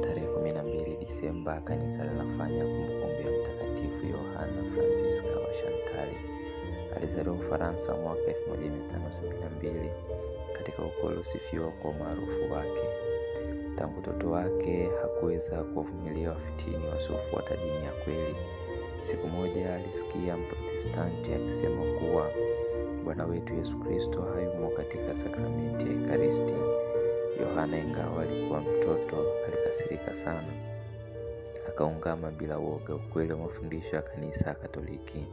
Tarehe kumi na mbili Disemba, kanisa linafanya kumbukumbu ya Mtakatifu Yohana Fransiska wa Shantali. Alizaliwa Ufaransa mwaka 1572 katika ukoo uliosifiwa kwa umaarufu wake. Tangu toto wake hakuweza kuwavumilia wafitini wasiofuata dini ya kweli. Siku moja alisikia Mprotestanti akisema kuwa Bwana wetu Yesu Kristo hayumo katika sakramenti ya Ekaristi. Yohana, ingawa alikuwa mtoto, alikasirika sana, akaungama bila woga ukweli wa mafundisho ya kanisa Katoliki.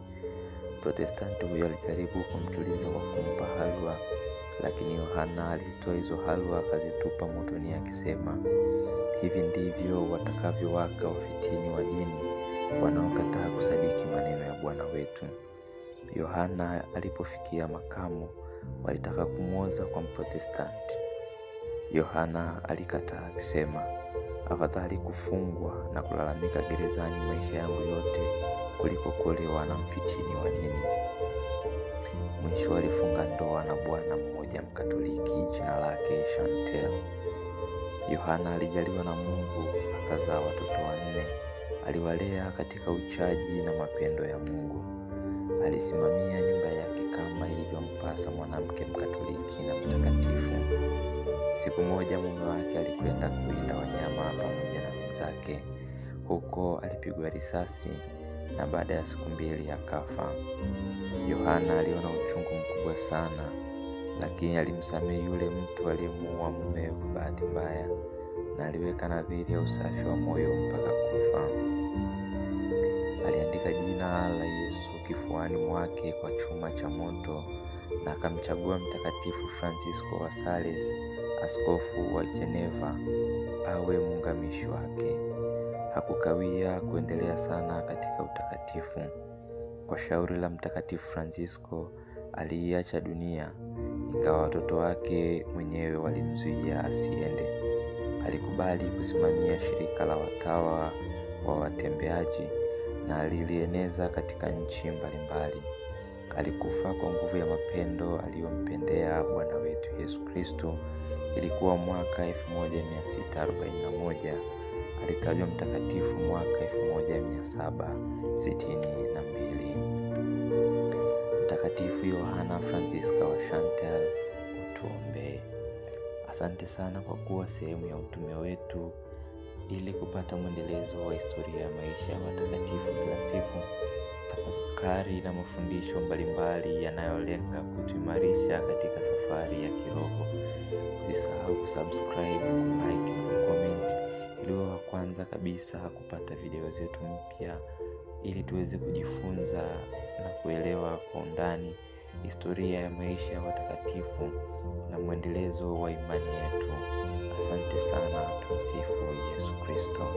Protestanti huyo alijaribu kumtuliza kwa kumpa halwa, lakini Yohana alizitoa hizo halwa akazitupa motoni akisema, hivi ndivyo watakavyowaka wafitini wa dini wanaokataa kusadiki maneno ya Bwana wetu. Yohana alipofikia makamo, walitaka kumwoza kwa Mprotestanti. Yohana alikataa akisema, afadhali kufungwa na kulalamika gerezani maisha yangu yote kuliko kuolewa na mfitini wa dini. Mwisho alifunga ndoa na bwana mmoja Mkatoliki, jina lake Chantel. Yohana alijaliwa na Mungu akazaa watoto wanne Aliwalea katika uchaji na mapendo ya Mungu. Alisimamia nyumba yake kama ilivyompasa mwanamke Mkatoliki na mtakatifu. Siku moja mume wake alikwenda kuinda wanyama pamoja na wenzake. Huko alipigwa risasi na baada ya siku mbili akafa. Yohana aliona uchungu mkubwa sana, lakini alimsamehe yule mtu aliyemuua mumewe kwa bahati mbaya na aliweka nadhiri ya usafi wa moyo mpaka kufa. Aliandika jina la Yesu kifuani mwake kwa chuma cha moto na akamchagua Mtakatifu Francisco wa Sales, askofu wa Geneva, awe muungamishi wake. Hakukawia kuendelea sana katika utakatifu. Kwa shauri la Mtakatifu Francisco aliiacha dunia, ingawa watoto wake mwenyewe walimzuia asiende. Alikubali kusimamia shirika la watawa wa watembeaji na alilieneza katika nchi mbalimbali. Alikufa kwa nguvu ya mapendo aliyompendea Bwana wetu Yesu Kristo. Ilikuwa mwaka 1641. Alitajwa mtakatifu mwaka 1762. Mtakatifu Yohana francisca wa Chantal, utuombee. Asante sana kwa kuwa sehemu ya utume wetu ili kupata mwendelezo wa historia ya maisha ya watakatifu kila siku, tafakari na mafundisho mbalimbali yanayolenga kutuimarisha katika safari ya kiroho. Usisahau kusubscribe, kulike na kucomment ili wa kwanza kabisa kupata video zetu mpya ili tuweze kujifunza na kuelewa kwa undani historia ya maisha ya watakatifu na mwendelezo wa imani yetu. Asante sana, tumsifu Yesu Kristo.